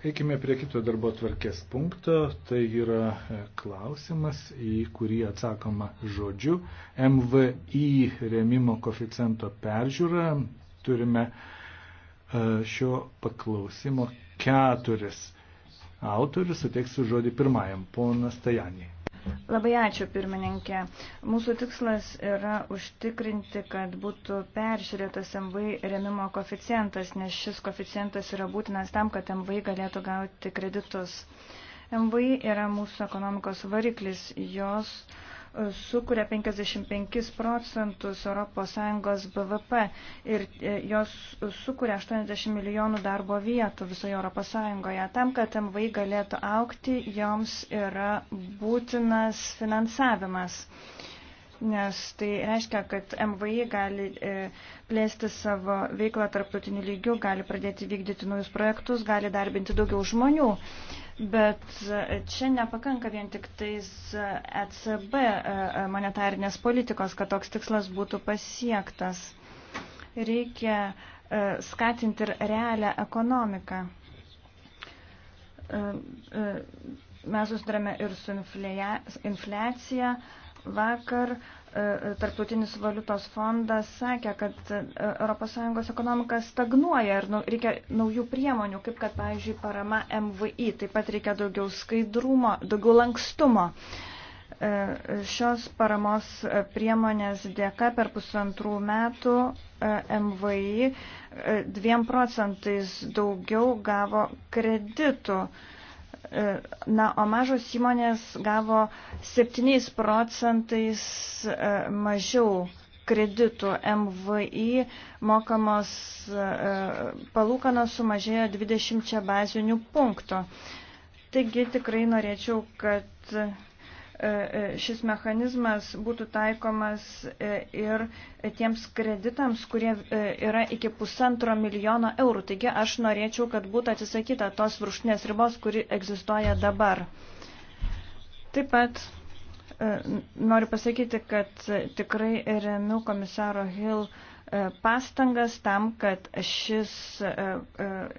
Eikime prie kito darbo tvarkės punkto. Tai yra e, klausimas, į kurį atsakoma žodžiu. MVI remimo koficento peržiūra. Turime e, šio paklausimo keturis autorius. Suteiksiu žodį pirmajam, ponas Tajanį. Labai ačiū, pirmininkė. Mūsų tikslas yra užtikrinti, kad būtų peržiūrėtas MVI remimo koficijantas, nes šis koficijantas yra būtinas tam, kad MVI galėtų gauti kreditus. MVI yra mūsų ekonomikos variklis, jos uh, sukuria 55 procentus ES BVP ir e, jos sukuria 80 milijonų darbo vietų visoje ES. Tam, kad MVI galėtų aukti, joms yra būtinas finansavimas nes tai reiškia, kad MVI gali e, plėsti savo veiklą tarptautiniu lygiu, gali pradėti vykdyti naujus projektus, gali darbinti daugiau žmonių. Bet e, čia nepakanka vien tik tais ECB e monetarinės politikos, kad toks tikslas būtų pasiektas. Reikia skatinti ir realią ekonomiką. Mes susidurėme ir su infliacija, Vakar e, Tarptautinis valiutos fondas sakė, kad ES ekonomika stagnuoja ir nu, reikia naujų priemonių, kaip kad, pavyzdžiui, parama MVI. Taip pat reikia daugiau skaidrumo, daugiau lankstumo. E, šios paramos priemonės dėka per pusantrų metų e, MVI dviem procentais daugiau gavo kreditų E, na, o mažos įmonės gavo 7 procentais e, mažiau kreditų MVI mokamos e, palūkanos sumažėjo 20 bazinių punktų. Taigi tikrai norėčiau, kad E, e, šis mechanizmas būtų taikomas e, ir tiems kreditams, kurie yra iki pusantro milijono eurų. Taigi aš norėčiau, kad būtų atsisakyta tos viršutinės ribos, kuri egzistuoja dabar. Taip pat noriu pasakyti, kad tikrai remiu komisaro Hill pastangas tam, kad šis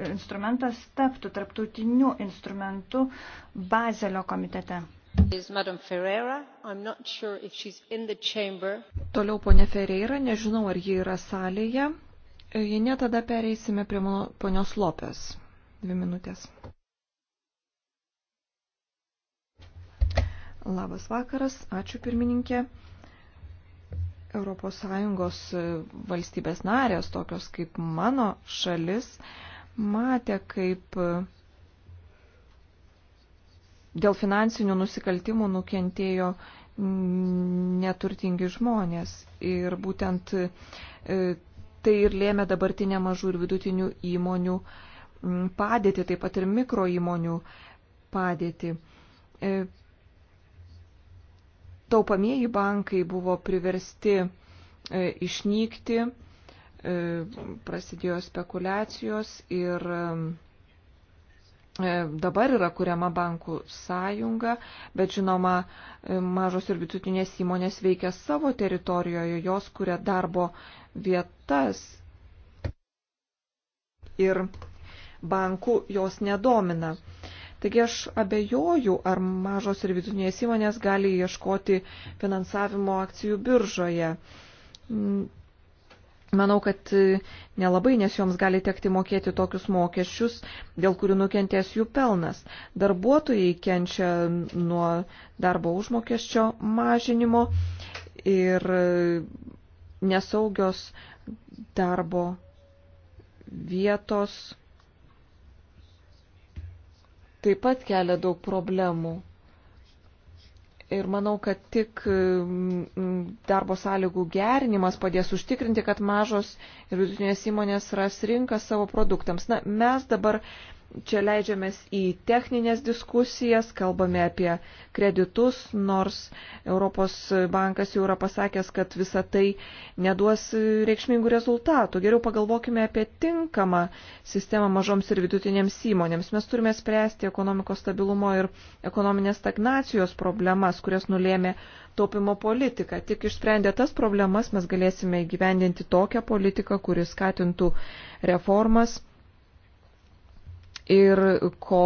instrumentas taptų tarptautiniu instrumentu Bazelio komitete. Toliau ponė Ferreira, nežinau ar ji yra salėje. Jei ne, tada pereisime prie ponios Lopės. Dvi minutės. Labas vakaras, ačiū pirmininkė. ES e, valstybės narės, tokios kaip mano šalis, matė, kaip e, dėl finansinių nusikaltimų nukentėjo neturtingi žmonės. Ir būtent e, tai ir lėmė dabartinę mažų ir vidutinių įmonių padėtį, taip pat ir mikro įmonių padėtį. E, taupamieji bankai buvo priversti e, išnykti, prasidėjo spekulacijos ir E, dabar yra kuriama bankų sąjunga, bet žinoma, e, mažos ir vidutinės įmonės veikia savo teritorijoje, jos kuria darbo vietas ir bankų jos nedomina. Taigi aš abejoju, ar mažos ir vidutinės įmonės gali ieškoti finansavimo akcijų biržoje Manau, kad e, nelabai, nes joms gali tekti mokėti tokius mokesčius, dėl kurių nukentės jų pelnas. Darbuotojai kenčia nuo darbo užmokesčio mažinimo ir e, nesaugios darbo vietos taip pat kelia daug problemų. Ir manau, kad tik mm, mm, darbo sąlygų gerinimas padės užtikrinti, kad mažos ir vidutinės įmonės ras rinką savo produktams. Na, mes dabar čia leidžiamės į techninės diskusijas, kalbame apie kreditus, nors Europos bankas jau yra pasakęs, kad visa tai neduos reikšmingų rezultatų. Geriau pagalvokime apie tinkamą sistemą mažoms ir vidutinėms įmonėms. Mes turime spręsti ekonomikos stabilumo ir ekonominės stagnacijos problemas, kurias nulėmė taupimo politika. Tik išsprendę tas problemas mes galėsime įgyvendinti tokią politiką, kuris skatintų reformas ir ko,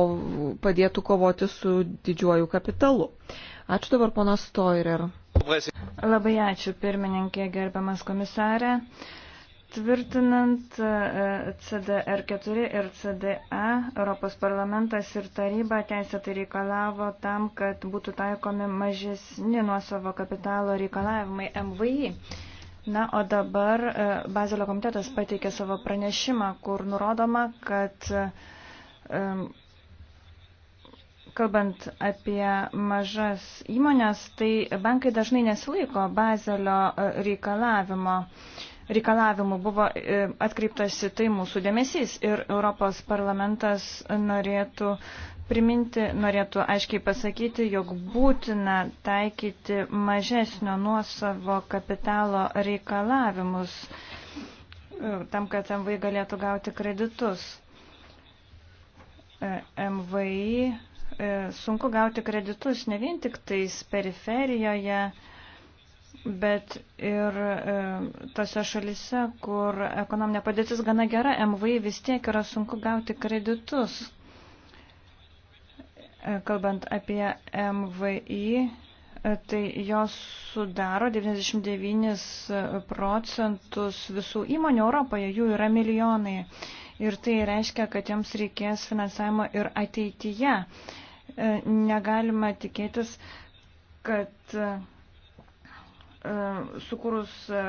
padėtų kovoti su didžiuoju kapitalu. Ačiū dabar ponas Toirer. Labai ačiū pirmininkė, gerbiamas komisarė. Tvirtinant e, CDR4 ir CDA, Europos parlamentas ir taryba teisėtai reikalavo tam, kad būtų taikomi mažesni nuosavo kapitalo reikalavimai MVI. Na, o dabar e, Bazelio komitetas pateikė savo pranešimą, kur nurodoma, kad Kalbant apie mažas įmonės, tai bankai dažnai nesilaiko bazelio e, reikalavimo. Reikalavimų buvo e, atkreiptas į tai mūsų dėmesys ir Europos parlamentas norėtų priminti, norėtų aiškiai pasakyti, jog būtina taikyti mažesnio nuosavo kapitalo reikalavimus e, tam, kad MV galėtų gauti kreditus. E, MVI e, sunku gauti kreditus ne vien tik tais periferijoje, bet ir e, tose šalise, kur ekonominė padėtis gana gera, MVI vis tiek yra sunku gauti kreditus. Kalbant apie MVI, tai jos sudaro 99 procentus visų įmonių Europoje, jų yra milijonai ir tai reiškia, kad jiems reikės finansavimo ir ateityje. E, negalima tikėtis, kad e, sukūrus e,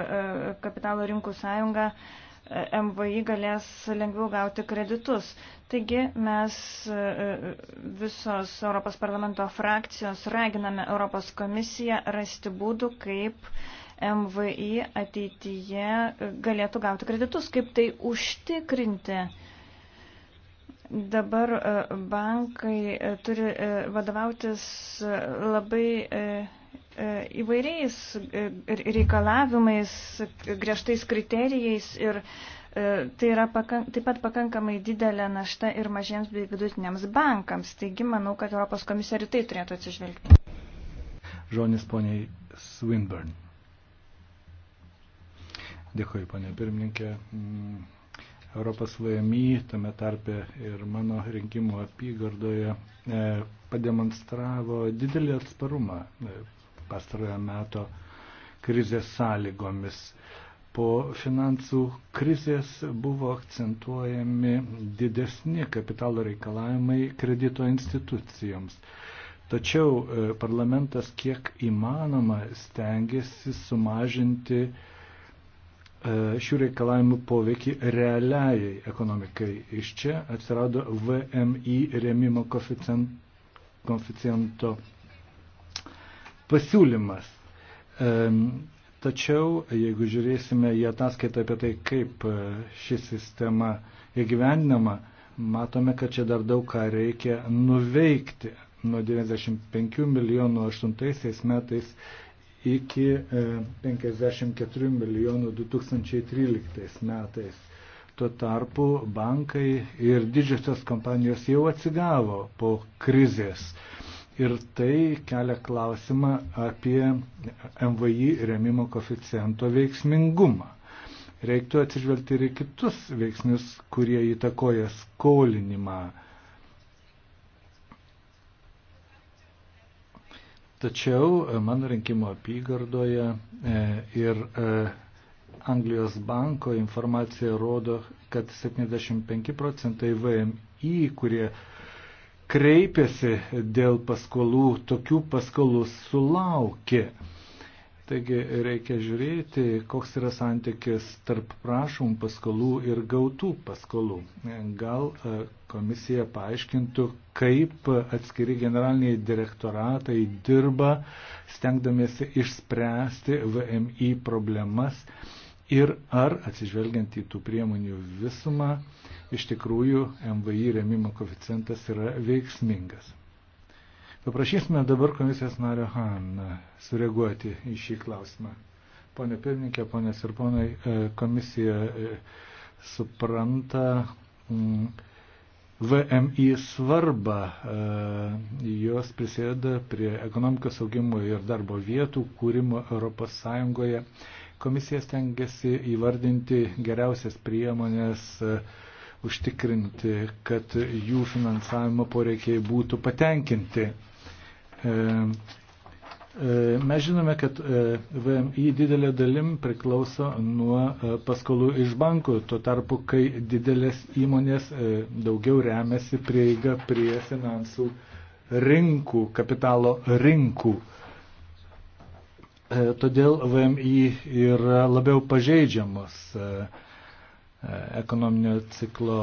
kapitalo rinkų sąjungą MVI galės lengviau gauti kreditus. Taigi mes visos Europos parlamento frakcijos raginame Europos komisiją rasti būdų, kaip MVI ateityje galėtų gauti kreditus. Kaip tai užtikrinti? Dabar e, bankai e, turi e, vadovautis labai įvairiais reikalavimais, griežtais kriterijais ir tai yra pakank, taip pat pakankamai didelė našta ir mažiems bei vidutiniams bankams. Taigi manau, kad Europos komisija ir tai turėtų atsižvelgti. Žonis poniai Swinburne. Dėkui, panė pirmininkė. Mm, Europos VMI, tame tarpe ir mano rinkimų apygardoje, e, pademonstravo didelį atsparumą e, pastarojo meto krizės sąlygomis. Po finansų krizės buvo akcentuojami didesni kapitalo reikalavimai kredito institucijoms. Tačiau e, parlamentas kiek įmanoma stengiasi sumažinti uh, E, šių reikalavimų poveikį realiai ekonomikai. Iš čia atsirado VMI rėmimo koficiento pasiūlymas. E, tačiau, jeigu žiūrėsime į ataskaitą apie tai, kaip e, ši sistema įgyvendinama, matome, kad čia dar daug ką reikia nuveikti. Nuo 95 milijonų 8 metais iki 54 e, milijonų 2013 metais. Tuo tarpu bankai ir didžiosios kompanijos jau atsigavo po krizės. Ir tai kelia klausimą apie MVI remimo koficijento veiksmingumą. Reiktų atsižvelgti ir į kitus veiksnius, kurie įtakoja skolinimą Tačiau e, mano rinkimo apygardoje e, ir e, Anglijos banko informacija rodo, kad 75 procentai VMI, kurie kreipėsi dėl paskolų, tokių paskolų sulaukė. Taigi reikia žiūrėti, koks yra santykis tarp prašomų paskolų ir gautų paskolų. Gal e, komisija paaiškintų, kaip atskiri generaliniai direktoratai dirba, stengdamiesi išspręsti VMI problemas ir ar atsižvelgiant į tų priemonių visumą, iš tikrųjų MVI remimo koficijantas yra veiksmingas. Paprašysime dabar komisijos nario Han sureaguoti į šį klausimą. Pone pirmininkė, ponės ir ponai, e, komisija e, supranta mm, VMI svarbą. E, jos prisėda prie ekonomikos augimo ir darbo vietų kūrimo Europos Sąjungoje. Komisija stengiasi įvardinti geriausias priemonės užtikrinti, kad jų finansavimo poreikiai būtų patenkinti. E, e, mes žinome, kad e, VMI didelė dalim priklauso nuo paskolų iš bankų, tuo tarpu, kai didelės įmonės daugiau remiasi prieiga prie finansų rinkų, kapitalo rinkų. Todėl VMI yra labiau pažeidžiamos ekonominio ciklo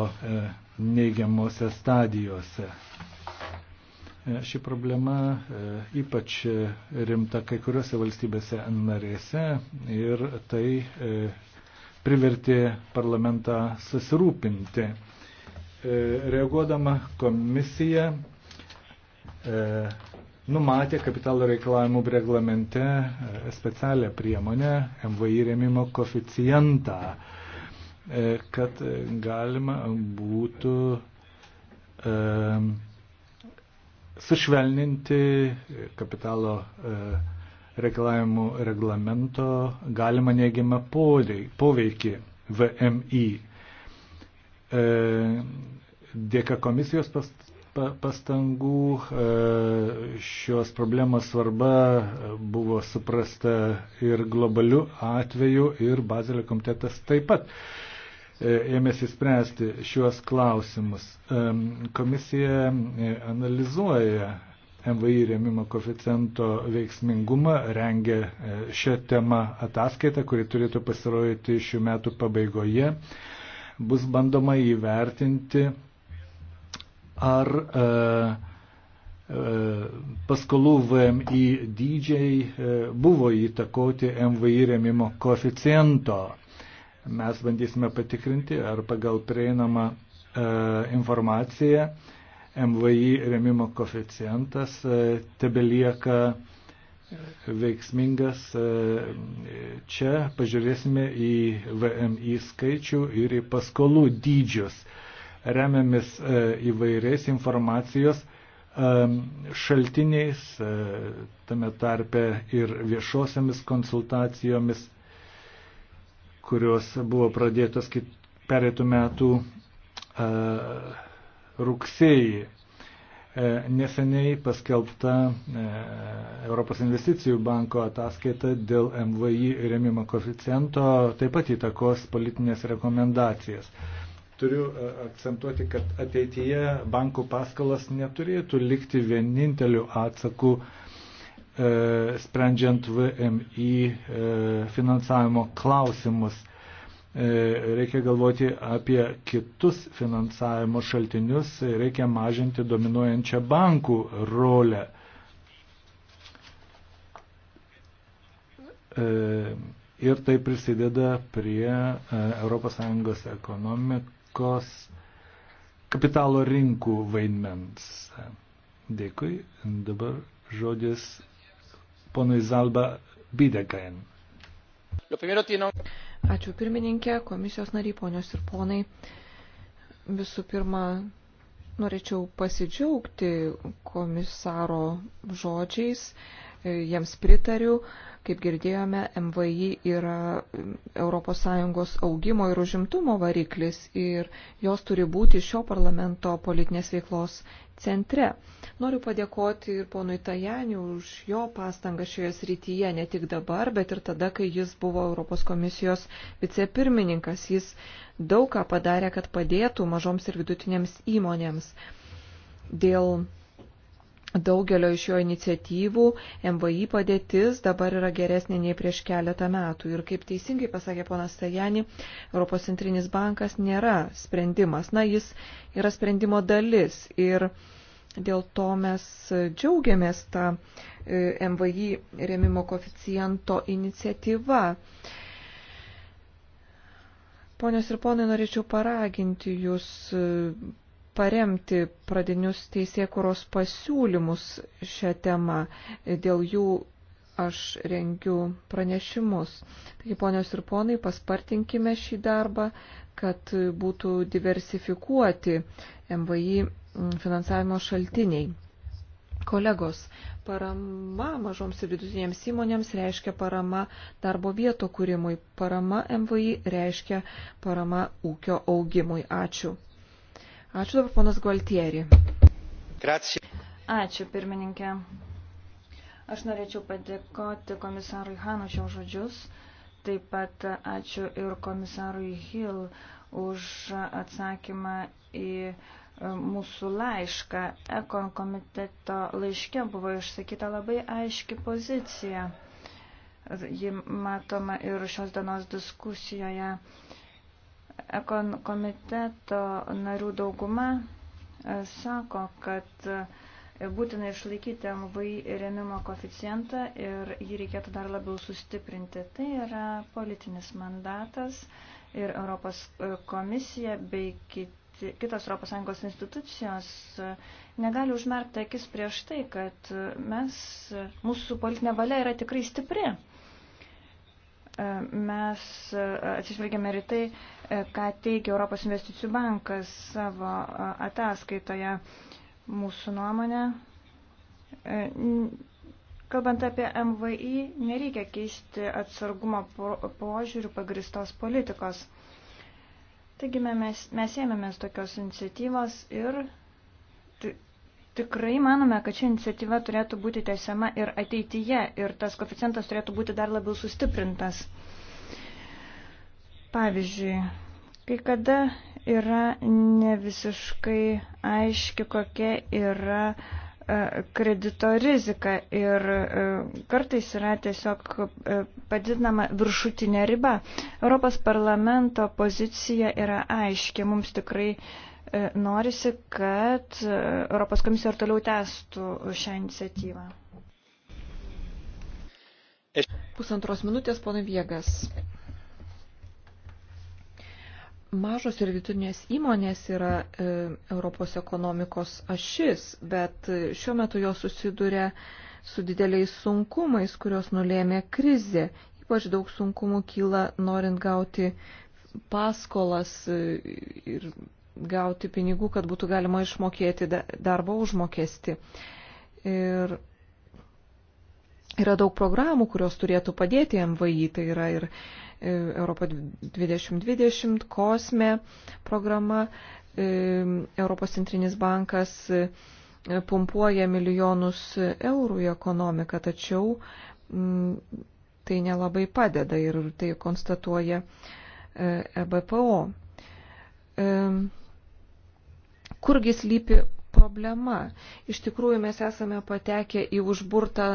neigiamose stadijose. E, ši problema e, ypač rimta kai kuriuose valstybėse narėse ir tai e, privertė parlamentą susirūpinti. Reaguodama komisija numatė kapitalo reikalavimų reglamente specialią priemonę MVI rėmimo koficijantą, kad galima būtų sušvelninti kapitalo e, reikalavimų reglamento galima neigiamą poveikį VMI. E, dėka komisijos pastangų e, šios problemos svarba buvo suprasta ir globaliu atveju ir Bazelio komitetas taip pat E, ėmėsi spręsti šiuos klausimus. Komisija e, analizuoja MVI rėmimo koficento veiksmingumą, rengia e, šią temą ataskaitą, kuri turėtų pasirodyti šių metų pabaigoje. Bus bandoma įvertinti, ar e, paskolų VMI dydžiai buvo įtakoti MVI rėmimo koficiento Mes bandysime patikrinti, ar pagal prieinamą e, informaciją MVI remimo koficijantas e, tebelieka veiksmingas. E, čia pažiūrėsime į VMI skaičių ir į paskolų dydžius. Remiamis e, įvairiais informacijos e, šaltiniais, tame tarpe ir viešosiamis konsultacijomis kurios buvo pradėtos kaip perėtų metų e, rugsėjį. E, neseniai paskelbta e, Europos investicijų banko ataskaita dėl MVI remimo koficijento taip pat įtakos politinės rekomendacijas. Turiu akcentuoti, kad ateityje bankų paskalas neturėtų likti vieninteliu atsaku uh, E, sprendžiant VMI e, finansavimo klausimus. E, reikia galvoti apie kitus finansavimo šaltinius, reikia mažinti dominuojančią bankų rolę. ir tai prisideda prie ES ekonomikos kapitalo rinkų vaidmens. Dėkui. Dabar žodis ponui Zalba Bidegain. Ačiū pirmininkė, komisijos nariai, ponios ir ponai. Visų pirma, norėčiau pasidžiaugti komisaro žodžiais jiems pritariu. Kaip girdėjome, MVI yra ES augimo ir užimtumo variklis ir jos turi būti šio parlamento politinės veiklos centre. Noriu padėkoti ir ponui Tajaniu už jo pastangą šioje srityje, ne tik dabar, bet ir tada, kai jis buvo Europos komisijos vicepirmininkas. Jis daug ką padarė, kad padėtų mažoms ir vidutinėms įmonėms. Dėl daugelio iš jo iniciatyvų MVI padėtis dabar yra geresnė nei prieš keletą metų. Ir kaip teisingai pasakė ponas Tajani, Europos centrinis bankas nėra sprendimas. Na, jis yra sprendimo dalis. Ir dėl to mes džiaugiamės tą e, MVI remimo koficijento iniciatyvą. Ponios ir ponai, norėčiau paraginti jūs e, paremti pradinius teisėkuros pasiūlymus šią temą. Dėl jų aš rengiu pranešimus. Taigi, ponios ir ponai, paspartinkime šį darbą, kad būtų diversifikuoti MVI finansavimo šaltiniai. Kolegos, parama mažoms ir vidutinėms įmonėms reiškia parama darbo vietų kūrimui, parama MVI reiškia parama ūkio augimui. Ačiū. Ačiū dabar ponas Gualtieri. Grazie. Ačiū pirmininkė. Aš norėčiau padėkoti komisarui Hanu šios žodžius. Taip pat ačiū ir komisarui Hill už atsakymą į e, mūsų laišką. Ekon komiteto laiške buvo išsakyta labai aiški pozicija. Ji matoma ir šios dienos diskusijoje. Ekon komiteto narių dauguma e, sako, kad e, būtina išlaikyti MVI rėmimo koficijantą ir jį reikėtų dar labiau sustiprinti. Tai yra politinis mandatas ir Europos e, komisija bei kiti, kitos ES institucijos negali užmerkti akis prieš tai, kad mes, mūsų politinė valia yra tikrai stipri. E, mes e, atsižvelgėme ir tai, e, ką teigia Europos investicijų bankas savo ataskaitoje mūsų nuomonę. Kalbant apie MVI, nereikia keisti atsargumo požiūrių pagristos politikos. Taigi mes, mes ėmėmės tokios iniciatyvos ir Tikrai manome, kad ši iniciatyva turėtų būti tęsiama ir ateityje ir tas koficientas turėtų būti dar labiau sustiprintas. Pavyzdžiui, kai kada yra ne visiškai aiški, kokia yra e, kredito rizika ir e, kartais yra tiesiog e, padidinama viršutinė riba. Europos parlamento pozicija yra aiški, mums tikrai E, norisi, kad e, Europos komisija ir toliau tęstų šią iniciatyvą. Pusantros minutės, ponai Viegas. Mažos ir vidutinės įmonės yra e, Europos ekonomikos ašis, bet e, šiuo metu jos susiduria su dideliais sunkumais, kurios nulėmė krizė. Ypač daug sunkumų kyla norint gauti paskolas ir gauti pinigų, kad būtų galima išmokėti darbo užmokesti. Ir yra daug programų, kurios turėtų padėti MVI, tai yra ir e, Europa 2020, Kosme programa, e, Europos centrinis bankas e, pumpuoja milijonus eurų į ekonomiką, tačiau mm, tai nelabai padeda ir tai konstatuoja EBPO kurgi slypi problema. Iš tikrųjų mes esame patekę į užburtą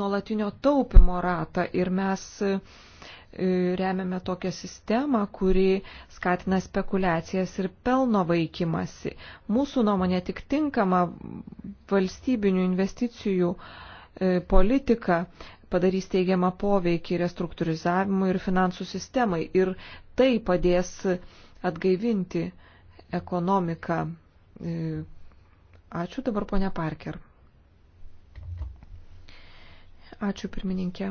nuolatinio taupimo ratą ir mes e, remiame tokią sistemą, kuri skatina spekulacijas ir pelno vaikymasi. Mūsų nuomonė tik tinkama valstybinių investicijų e, politika padarys teigiamą poveikį restruktūrizavimui ir finansų sistemai ir tai padės atgaivinti ekonomiką E, ačiū dabar ponia Parker. Ačiū pirmininkė.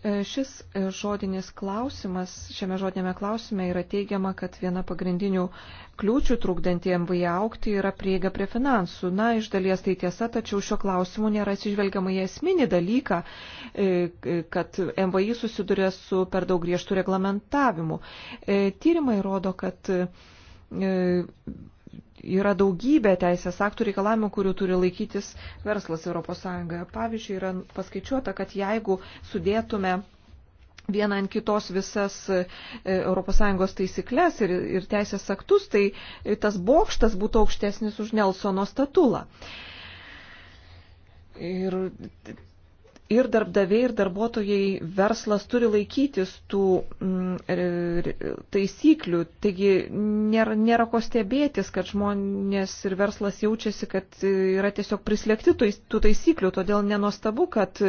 E, šis žodinis klausimas, šiame žodinėme klausime yra teigiama, kad viena pagrindinių kliūčių trukdanti MVI aukti yra prieiga prie finansų. Na, iš dalies tai tiesa, tačiau šio klausimu nėra atsižvelgiama į esminį dalyką, e, kad MVI susiduria su per daug griežtų reglamentavimu. Tyrimai rodo, kad yra daugybė teisės aktų reikalavimų, kurių turi laikytis verslas ES. Pavyzdžiui, yra paskaičiuota, kad jeigu sudėtume vieną ant kitos visas ES taisyklės ir, ir teisės aktus, tai tas bokštas būtų aukštesnis už Nelsono statulą. Ir ir darbdaviai, ir darbuotojai, verslas turi laikytis tų mm, taisyklių. Taigi nėra, nėra ko stebėtis, kad žmonės ir verslas jaučiasi, kad yra tiesiog prislėgti tų taisyklių. Todėl nenostabu, kad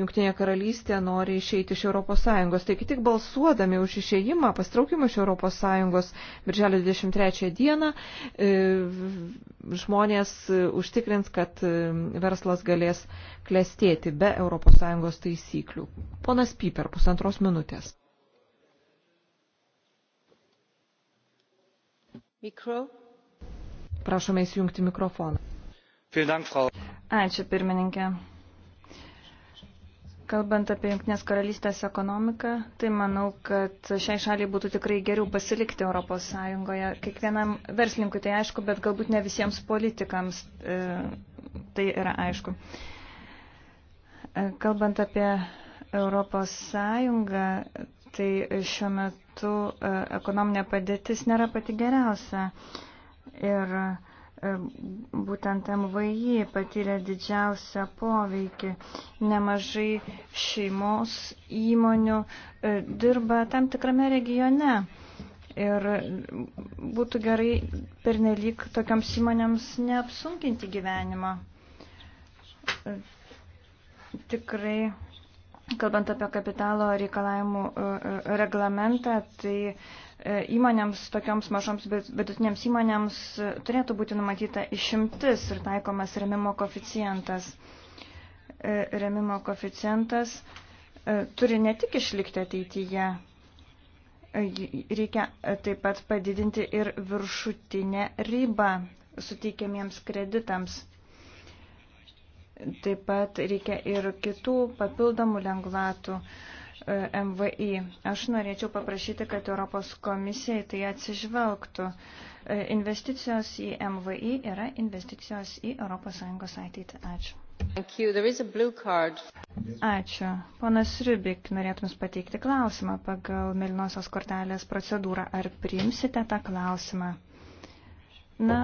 Junktinė karalystė nori išeiti iš ES. Taigi tik balsuodami už išeimą, pastraukimą iš ES birželio 23 dieną, e, žmonės užtikrins, kad e, verslas galės klestėti be ES. ES taisyklių. Ponas Piper, pusantros minutės. Mikro. Prašome įsijungti mikrofoną. Ačiū, pirmininkė. Kalbant apie Junktinės karalystės ekonomiką, tai manau, kad šiai šaliai būtų tikrai geriau pasilikti Europos Sąjungoje. Kiekvienam verslininkui tai aišku, bet galbūt ne visiems politikams e, tai yra aišku. E, Kalbant apie Europos Sąjungą, tai šiuo metu e, ekonominė padėtis nėra pati geriausia. Ir e, būtent MVI patyrė didžiausią poveikį. Nemažai šeimos įmonių e, dirba tam tikrame regione. Ir būtų gerai pernelyg tokiams įmonėms neapsunkinti gyvenimą tikrai, kalbant apie kapitalo reikalavimų e, e, reglamentą, tai e, įmonėms, tokioms mažoms vidutinėms įmonėms turėtų būti numatyta išimtis ir taikomas remimo koficijantas. Remimo koficijantas turi ne tik išlikti ateityje, reikia taip pat padidinti ir viršutinę ribą suteikiamiems kreditams. Taip pat reikia ir kitų papildomų lengvatų e, MVI. Aš norėčiau paprašyti, kad Europos komisija tai atsižvelgtų. E, investicijos į MVI yra investicijos į ES ateitį. Ačiū. Ačiū. Ponas Rybik, norėtumės pateikti klausimą pagal Melinosios kortelės procedūrą. Ar priimsite tą klausimą? Na,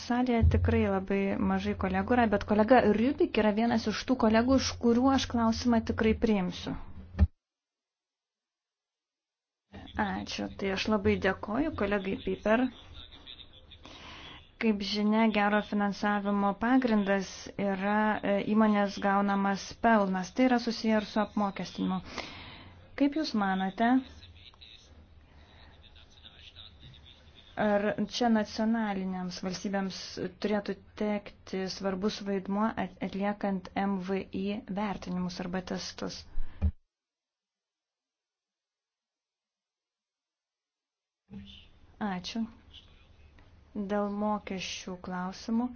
salėje tikrai labai mažai kolegų yra, bet kolega Rybik yra vienas iš tų kolegų, iš kurių aš klausimą tikrai priimsiu. Ačiū, tai aš labai dėkoju kolegai Piper. Kaip žinia, gero finansavimo pagrindas yra e, įmonės gaunamas pelnas. Tai yra susiję ir su apmokestinimu. Kaip Jūs manote, Ar čia nacionaliniams valstybėms turėtų tekti svarbus vaidmuo atliekant MVI vertinimus arba testus? Ačiū. Dėl mokesčių klausimų.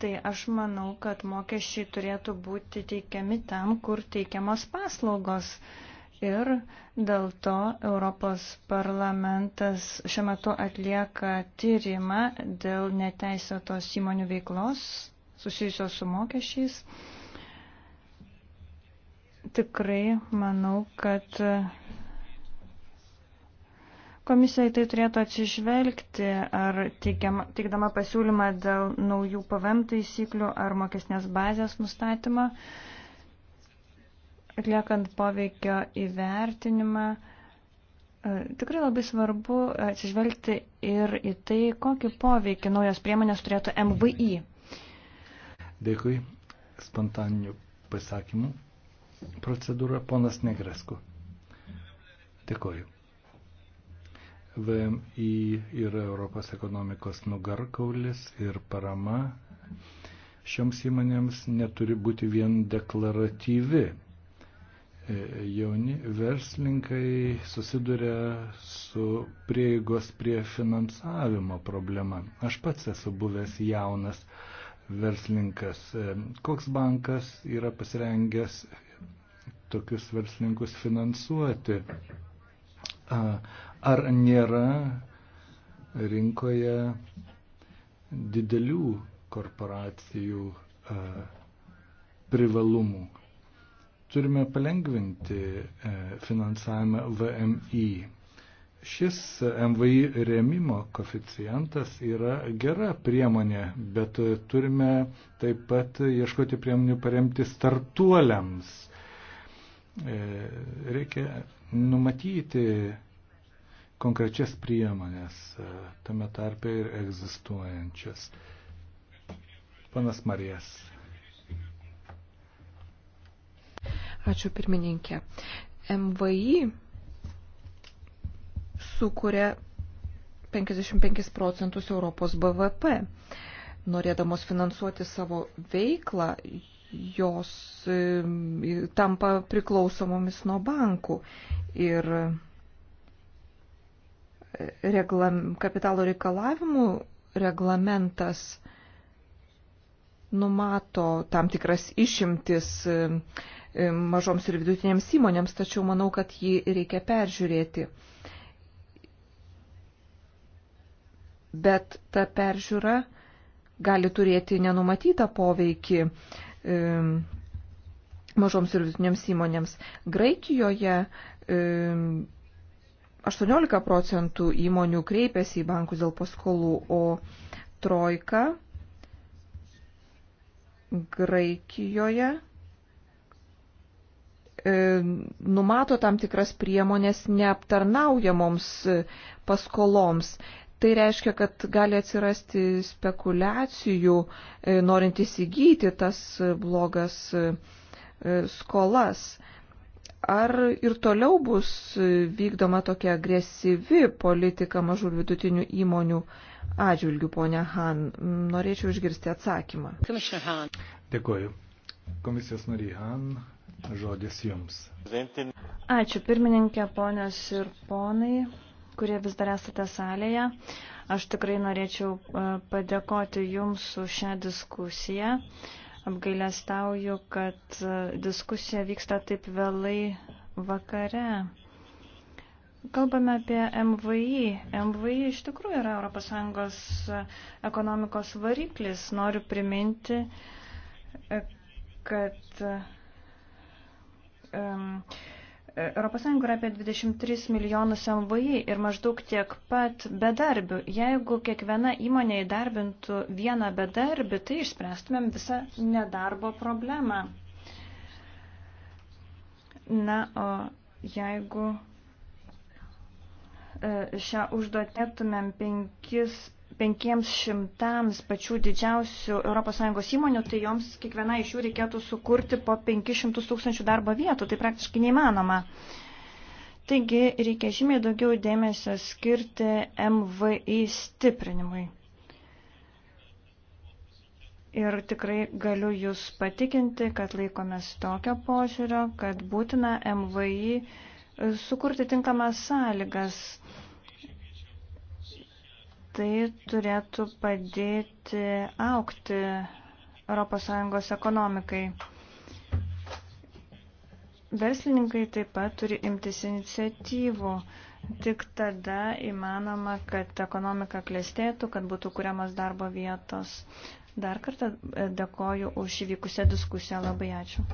Tai aš manau, kad mokesčiai turėtų būti teikiami tam, kur teikiamos paslaugos. Uh, ir dėl to Europos parlamentas šiuo metu atlieka tyrimą dėl neteisėtos įmonių veiklos susijusios su mokesčiais. Tikrai manau, kad komisija į tai turėtų atsižvelgti, ar teikiama, teikdama pasiūlymą dėl naujų PVM taisyklių ar mokesnės bazės nustatymą. Uh, atliekant poveikio įvertinimą, e, tikrai labai svarbu atsižvelgti ir į tai, kokį poveikį naujos priemonės turėtų MVI. Dėkui. Spontaninių pasakymų procedūra ponas Negresku. Dėkoju. VMI yra Europos ekonomikos nugarkaulis ir parama šioms įmonėms neturi būti vien deklaratyvi jauni verslininkai susiduria su prieigos prie finansavimo problema. Aš pats esu buvęs jaunas verslininkas. Koks bankas yra pasirengęs tokius verslininkus finansuoti? Ar nėra rinkoje didelių korporacijų privalumų? Turime palengvinti e, finansavimą VMI. Šis MVI rėmimo koficijantas yra gera priemonė, bet turime taip pat ieškoti priemonių paremti startuoliams. E, reikia numatyti konkrečias priemonės, e, tame tarpe ir egzistuojančias. Panas Marijas. Ačiū pirmininkė. MVI sukuria 55 procentus Europos BVP. Norėdamos finansuoti savo veiklą, jos e, tampa priklausomomis nuo bankų. Ir e, reglam, kapitalo reikalavimų reglamentas numato tam tikras išimtis e, E, mažoms ir vidutinėms įmonėms, tačiau manau, kad jį reikia peržiūrėti. Bet ta peržiūra gali turėti nenumatytą poveikį e, mažoms ir vidutinėms įmonėms. Graikijoje 18 e, procentų įmonių kreipėsi į bankus dėl paskolų, o trojka Graikijoje E, numato tam tikras priemonės neaptarnaujamoms e, paskoloms. Tai reiškia, kad gali atsirasti spekulacijų, e, norint įsigyti tas blogas skolas. Ar ir toliau bus vykdoma tokia agresyvi politika mažų ir vidutinių įmonių atžvilgių, ponia Han? Norėčiau išgirsti atsakymą. Dėkuoju. Komisijos nariai Han, Žodis jums. Ačiū pirmininkė, ponios ir ponai, kurie vis dar esate salėje. Aš tikrai norėčiau e, padėkoti jums už šią diskusiją. Apgailestauju, kad e, diskusija vyksta taip vėlai vakare. Kalbame apie MVI. MVI iš tikrųjų yra ES e, ekonomikos variklis. Noriu priminti, kad ES e, yra apie 23 milijonus MVI ir maždaug tiek pat bedarbių. Jeigu kiekviena įmonė įdarbintų vieną bedarbį, tai išspręstumėm visą nedarbo problemą. Na, o jeigu e, šią užduotėtumėm 5 500 pačių didžiausių ES įmonių, tai joms kiekviena iš jų reikėtų sukurti po 500 tūkstančių darbo vietų. Tai praktiškai neįmanoma. Taigi reikia žymiai daugiau dėmesio skirti MVI stiprinimui. Ir tikrai galiu Jūs patikinti, kad laikomės tokio požiūrio, kad būtina MVI sukurti tinkamas sąlygas Tai turėtų padėti aukti ES ekonomikai. Verslininkai taip pat turi imtis iniciatyvų. Tik tada įmanoma, kad ekonomika klestėtų, kad būtų kuriamas darbo vietos. Dar kartą e, dėkoju už įvykusią diskusiją. Labai ačiū.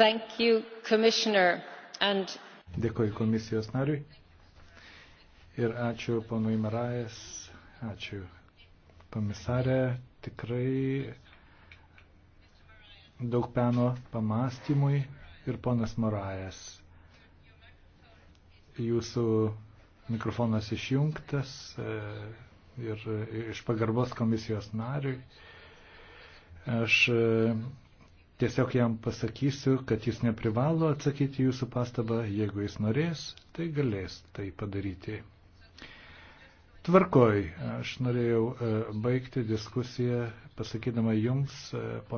Thank you, And... Dėkoju komisijos nariui. Ir ačiū ponui Marajas. Ačiū. Komisarė, tikrai daug peno pamastymui ir ponas Morajas. Jūsų mikrofonas išjungtas e, ir iš pagarbos komisijos nariui. Aš e, tiesiog jam pasakysiu, kad jis neprivalo atsakyti jūsų pastabą, jeigu jis norės, tai galės tai padaryti. Tvarkoj, aš norėjau e, baigti diskusiją pasakydama jums, e,